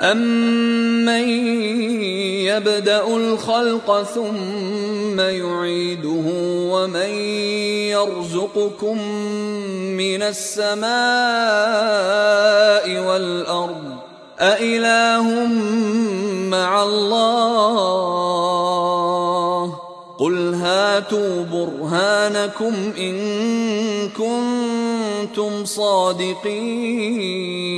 أَمَّن يَبْدَأُ الْخَلْقَ ثُمَّ يُعِيدُهُ وَمَن يَرْزُقُكُم مِّنَ السَّمَاءِ وَالْأَرْضِ أَإِلَٰهٌ مَّعَ اللَّهِ قُلْ هَاتُوا بُرْهَانَكُمْ إِن كُنتُمْ صَادِقِينَ